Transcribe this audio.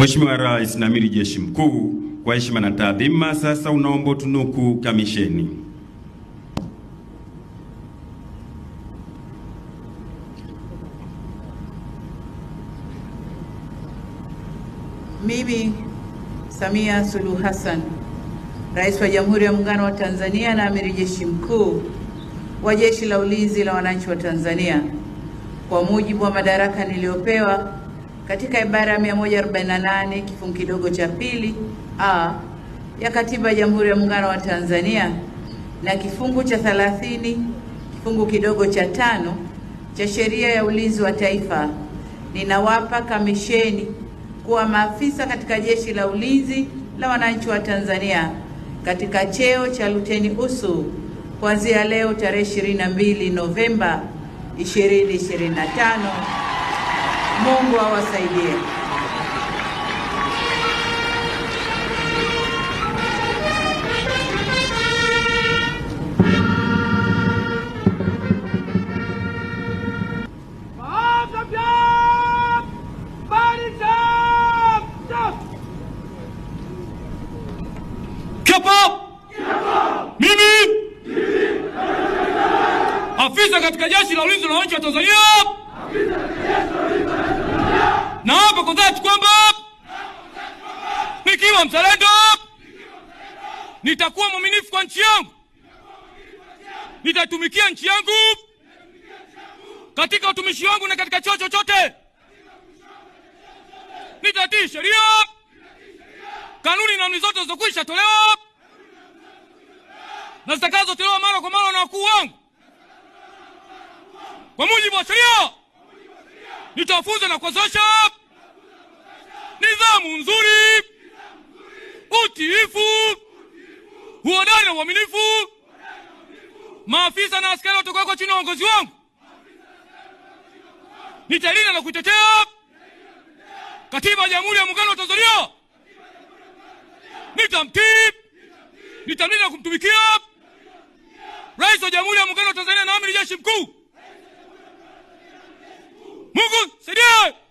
Mheshimiwa Rais na Amiri Jeshi Mkuu, kwa heshima na taadhima, sasa unaomba tunuku kamisheni. Mimi Samia Suluhu Hassan, Rais wa Jamhuri ya Muungano wa Tanzania na Amiri Jeshi Mkuu wa Jeshi la Ulinzi la Wananchi wa Tanzania, kwa mujibu wa madaraka niliyopewa katika ibara ya 148 kifungu kidogo cha pili a ya Katiba ya Jamhuri ya Muungano wa Tanzania na kifungu cha 30 kifungu kidogo cha tano cha Sheria ya Ulinzi wa Taifa, ninawapa kamisheni kuwa maafisa katika Jeshi la Ulinzi la Wananchi wa Tanzania katika cheo cha luteni usu kuanzia leo tarehe 22 Novemba 2025. Mungu awasaidie. afisa katika jeshi la ulinzi la wananchi wa Tanzania, afisa katika jeshi la ulinzi wa Tanzania na kwa dhati kwamba nikiwa mzalendo nitakuwa mwaminifu kwa nchi yangu, nitatumikia nchi yangu katika utumishi wangu na katika chuo chochote, nitatii sheria, kanuni na amri zote zilizokwisha tolewa na zitakazotolewa mara kwa mara na wakuu wangu kwa mujibu wa sheria, nitawafunza na kuwazoesha nidhamu nzuri, utiifu, uhodari na uaminifu. Maafisa na askari watokako chini ya uongozi wangu nitalinda na kuitetea katiba ya Jamhuri ya Muungano wa Tanzania, nitamtii, nitamlinda na kumtumikia Rais wa Jamhuri ya Muungano wa Tanzania na Amiri Jeshi Mkuu. Mungu saidie.